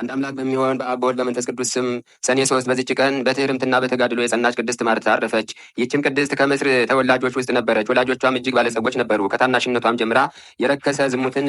አንድ አምላክ በሚሆን በአብ በወልድ በመንፈስ ቅዱስ ስም ሰኔ ሶስት በዚች ቀን በትህርምትና በተጋድሎ የጸናች ቅድስት ማርታ አረፈች። ይህችም ቅድስት ከምስር ተወላጆች ውስጥ ነበረች። ወላጆቿም እጅግ ባለጸጎች ነበሩ። ከታናሽነቷም ጀምራ የረከሰ ዝሙትን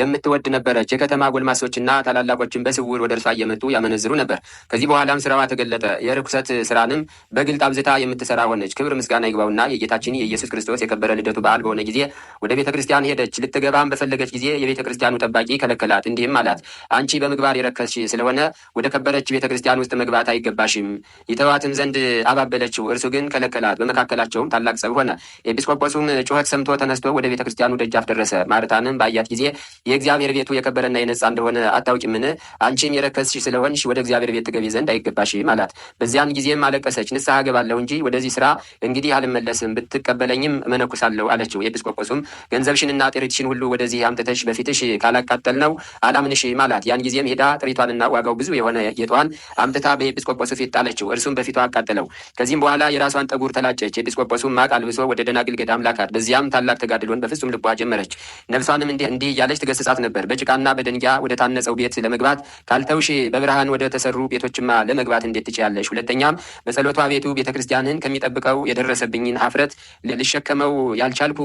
የምትወድ ነበረች። የከተማ ጎልማሶችና ታላላቆችን በስውር ወደ እርሷ እየመጡ ያመነዝሩ ነበር። ከዚህ በኋላም ስራዋ ተገለጠ። የርኩሰት ስራንም በግልጥ አብዝታ የምትሰራ ሆነች። ክብር ምስጋና ይግባውና የጌታችን የኢየሱስ ክርስቶስ የከበረ ልደቱ በዓል በሆነ ጊዜ ወደ ቤተ ክርስቲያን ሄደች። ልትገባም በፈለገች ጊዜ የቤተ ክርስቲያኑ ጠባቂ ከለከላት፣ እንዲህም አላት አንቺ በምግባር የረከስ የከበረች ስለሆነ ወደ ከበረች ቤተ ክርስቲያን ውስጥ መግባት አይገባሽም ይተዋትም ዘንድ አባበለችው። እርሱ ግን ከለከላት። በመካከላቸውም ታላቅ ጸብ ሆነ። ኤጲስቆጶሱም ጩኸት ሰምቶ ተነስቶ ወደ ቤተ ክርስቲያኑ ደጃፍ ደረሰ። ማርታንም ባያት ጊዜ የእግዚአብሔር ቤቱ የከበረና የነጻ እንደሆነ አታውቂምን? አንቺም የረከስሽ ስለሆንሽ ወደ እግዚአብሔር ቤት ትገቢ ዘንድ አይገባሽም አላት። በዚያን ጊዜም አለቀሰች። ንስሐ ገባለሁ እንጂ ወደዚህ ስራ እንግዲህ አልመለስም፣ ብትቀበለኝም እመነኩሳለሁ አለችው። ኤጲስቆጶሱም ገንዘብሽንና ጥሪትሽን ሁሉ ወደዚህ አምጥተሽ በፊትሽ ካላቃጠል ነው አላምንሽም አላት። ያን ጊዜም ሄዳ ጥሪቷ አግኝቷልና ዋጋው ብዙ የሆነ ጌጧን አምጥታ በኤጲስቆጶሱ ፊት ጣለችው፣ እርሱም በፊቷ አቃጠለው። ከዚህም በኋላ የራሷን ጠጉር ተላጨች። ኤጲስቆጶሱም ማቅ አልብሶ ወደ ደናግል ገዳም ላካት። በዚያም ታላቅ ተጋድሎን በፍጹም ልቧ ጀመረች። ነፍሷንም እንዲህ እያለች ትገስጻት ነበር። በጭቃና በደንጊያ ወደ ታነጸው ቤት ለመግባት ካልተውሽ፣ በብርሃን ወደ ተሰሩ ቤቶችማ ለመግባት እንዴት ትችያለሽ? ሁለተኛም በጸሎቷ ቤቱ ቤተ ክርስቲያንህን ከሚጠብቀው የደረሰብኝን አፍረት ልሸከመው ያልቻልኩ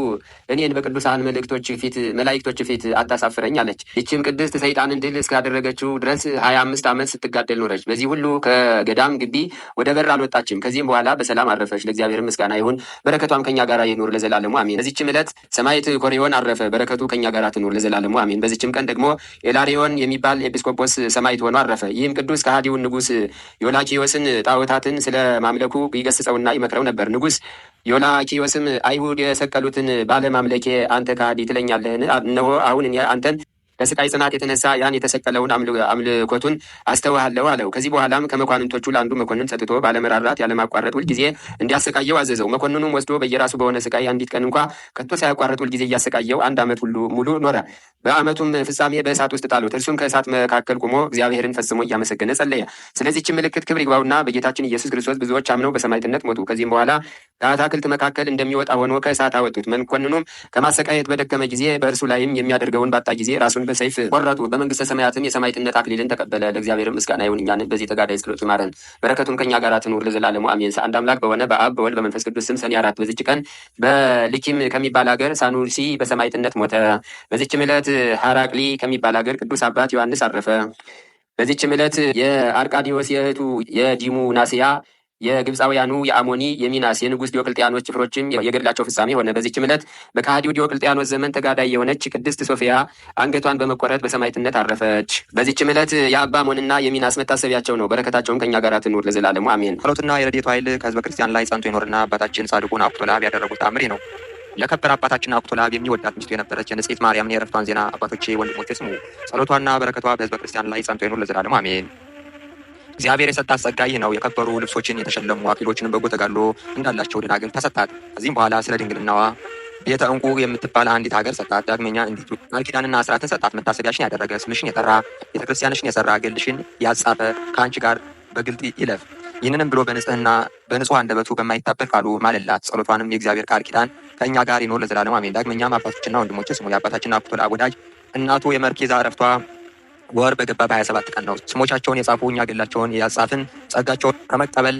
እኔን በቅዱሳን መልእክቶች ፊት መላይክቶች ፊት አታሳፍረኝ አለች። ይችም ቅድስት ሰይጣንን ድል እስካደረገችው ድረስ ሀያ አምስት ዓመት ስትጋደል ኖረች። በዚህ ሁሉ ከገዳም ግቢ ወደ በር አልወጣችም። ከዚህም በኋላ በሰላም አረፈች። ለእግዚአብሔር ምስጋና ይሁን፣ በረከቷም ከኛ ጋር ይኑር ለዘላለሙ አሜን። በዚችም ዕለት ሰማዕት ኮሪዮን አረፈ። በረከቱ ከኛ ጋር ትኑር ለዘላለሙ አሜን። በዚችም ቀን ደግሞ ኤላሪዮን የሚባል ኤጲስቆጶስ ሰማዕት ሆኖ አረፈ። ይህም ቅዱስ ከሃዲውን ንጉስ ዮላኪዮስን ጣዖታትን ስለ ማምለኩ ይገስጸውና ይመክረው ነበር። ንጉስ ዮላኪዮስም አይሁድ የሰቀሉትን ባለማምለኬ አንተ ከሃዲ ትለኛለህን? እነሆ አሁን አንተን ከስቃይ ጽናት የተነሳ ያን የተሰቀለውን አምልኮቱን አስተውሃለሁ አለው። ከዚህ በኋላም ከመኳንንቶቹ ለአንዱ መኮንን ሰጥቶ ባለመራራት ያለማቋረጥ ሁልጊዜ እንዲያሰቃየው አዘዘው። መኮንኑም ወስዶ በየራሱ በሆነ ስቃይ አንዲት ቀን እንኳ ከቶ ሳያቋርጥ ሁልጊዜ እያሰቃየው አንድ ዓመት ሁሉ ሙሉ ኖረ። በዓመቱም ፍጻሜ በእሳት ውስጥ ጣሉት። እርሱም ከእሳት መካከል ቆሞ እግዚአብሔርን ፈጽሞ እያመሰገነ ጸለየ። ስለዚህች ምልክት ክብር ይግባውና በጌታችን ኢየሱስ ክርስቶስ ብዙዎች አምነው በሰማዕትነት ሞቱ። ከዚህም በኋላ ከአታክልት መካከል እንደሚወጣ ሆኖ ከእሳት አወጡት። መንኮንኑም ከማሰቃየት በደከመ ጊዜ፣ በእርሱ ላይም የሚያደርገውን ባጣ ጊዜ ራሱን በሰይፍ ቆረጡ። በመንግስተ ሰማያትም የሰማዕትነት አክሊልን ተቀበለ። ለእግዚአብሔር ምስጋና ይሁን፣ እኛን በዚህ ተጋዳይ ጸሎት ይማረን፣ በረከቱም ከእኛ ጋር ትኑር ለዘላለሙ አሜን። አንድ አምላክ በሆነ በአብ በወልድ በመንፈስ ቅዱስ ስም ሰኔ አራት በዚች ቀን በልኪም ከሚባል ሀገር ሳኑሲ በሰማዕትነት ሞተ። በዚችም ዕለት ሀራቅሊ ከሚባል ሀገር ቅዱስ አባት ዮሐንስ አረፈ። በዚችም ዕለት የአርቃዲዎስ የእህቱ የዲሙ ናስያ የግብፃውያኑ የአሞኒ የሚናስ የንጉሥ ዲዮቅልጥያኖስ ጭፍሮችም የገድላቸው ፍጻሜ ሆነ። በዚች ዕለት በከሃዲው ዲዮቅልጥያኖስ ዘመን ተጋዳይ የሆነች ቅድስት ሶፊያ አንገቷን በመቆረጥ በሰማዕትነት አረፈች። በዚች ዕለት የአባ ሞንና የሚናስ መታሰቢያቸው ነው። በረከታቸውም ከእኛ ጋር ትኑር ለዘላለሙ አሜን። ጸሎትና የረድኤቱ ኃይል ከህዝበ ክርስቲያን ላይ ጸንቶ ይኖርና አባታችን ጻድቁን አብቶላብ ያደረጉት ተአምር ነው። የከበረ አባታችን አኩቶ ለአብ የሚወዳት ሚስቱ የነበረች ንጽሕት ማርያምን የዕረፍቷን ዜና አባቶቼ ወንድሞቼ ስሙ። ጸሎቷና በረከቷ በህዝበ ክርስቲያን ላይ ጸንቶ ይኑር ለዘላለም አሜን። እግዚአብሔር የሰጣት ጸጋ ይህ ነው። የከበሩ ልብሶችን፣ የተሸለሙ አክሊሎችን በጎ ተጋድሎ እንዳላቸው ደናግል ተሰጣት። ከዚህም በኋላ ስለ ድንግልናዋ ቤተ እንቁ የምትባል አንዲት ሀገር ሰጣት። ዳግመኛ እንዲቱ ቃል ኪዳንና ስርዓትን ሰጣት። መታሰቢያሽን ያደረገ ስምሽን የጠራ ቤተክርስቲያንሽን የሰራ ግልሽን ያጻፈ ከአንቺ ጋር በግልጥ ይለፍ። ይህንንም ብሎ በንጽህና በንጹህ አንደበቱ በማይታበል ቃሉ ማለላት። ጸሎቷንም የእግዚአብሔር ቃል ኪዳን ከእኛ ጋር ይኖር ለዘላለም አሜን። ዳግመኛም አባቶችና ወንድሞች ስሙ የአባታችን አብቶላ ወዳጅ እናቱ የመርኬዛ ረፍቷ ወር በገባ በሀያ ሰባት ቀን ነው። ስሞቻቸውን የጻፉ እኛ ገላቸውን ያጻፍን ጸጋቸውን ከመቀበል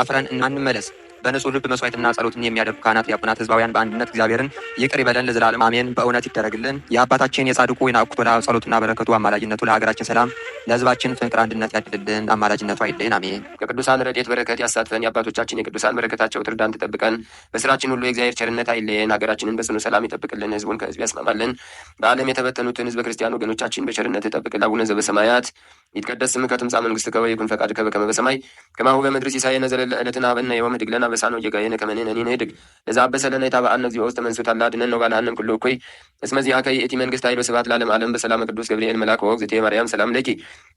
አፍረን እናንመለስ። በንጹህ ልብ መስዋዕትና ጸሎትን የሚያደርጉ ካህናት፣ ዲያቆናት፣ ህዝባውያን በአንድነት እግዚአብሔርን ይቅር ይበለን ለዘላለም አሜን። በእውነት ይደረግልን። የአባታችን የጻድቁ የናቁቶላ ጸሎትና በረከቱ አማላጅነቱ ለሀገራችን ሰላም ለህዝባችን ፍቅር አንድነት ያድልልን፣ አማላጅነቱ አይለይን። አሜን። ከቅዱሳን ረድኤት በረከት ያሳትፈን። የአባቶቻችን የቅዱሳን በረከታቸው ትርዳን፣ ትጠብቀን። በስራችን ሁሉ የእግዚአብሔር ቸርነት አይለየን። ሀገራችንን በጽኑ ሰላም ይጠብቅልን፣ ህዝቡን ከህዝብ ያስማማልን። በዓለም የተበተኑትን ህዝበ ክርስቲያን ወገኖቻችን በቸርነት ይጠብቅል። አቡነ ዘበሰማያት ይትቀደስ ስምከ ትምጻእ መንግሥትከ ወይኩን ፈቃድከ በከመ በሰማይ ከማሁ በምድር ሲሳየነ ዘለለ ዕለትነ ሀበነ ዮም ኅድግ ለነ አበሳነ ወጌጋየነ ከመ ንሕነኒ ንኅድግ ለዘአበሰ ለነ ኢታብአነ እግዚኦ ውስተ መንሱት አላ አድኅነነ ወባልሐነ እምኩሉ እኩይ እስመ ዚአከ ይእቲ መንግሥት ኃይል ወስብሐት ለዓለመ ዓለም በሰላም ቅዱስ ገብርኤል መልአክ ወእግዝእትየ ማርያም ሰላም ለኪ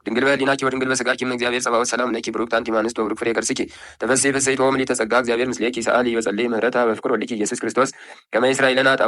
ድንግል በህሊናኪ ወድንግል በስጋኪ እም እግዚአብሔር ጸባኦት ሰላም ለኪ ብሩክት አንቲ እምአንስት ወብሩክ ፍሬ ከርስኪ ተፈሥሒ ፍሥሕት ሆም ሊተጸጋ እግዚአብሔር ምስሌኪ ሰአሊ ይበጸልይ ምህረታ በፍቅር ወልኪ ኢየሱስ ክርስቶስ ከመ ይሥራይ ለነ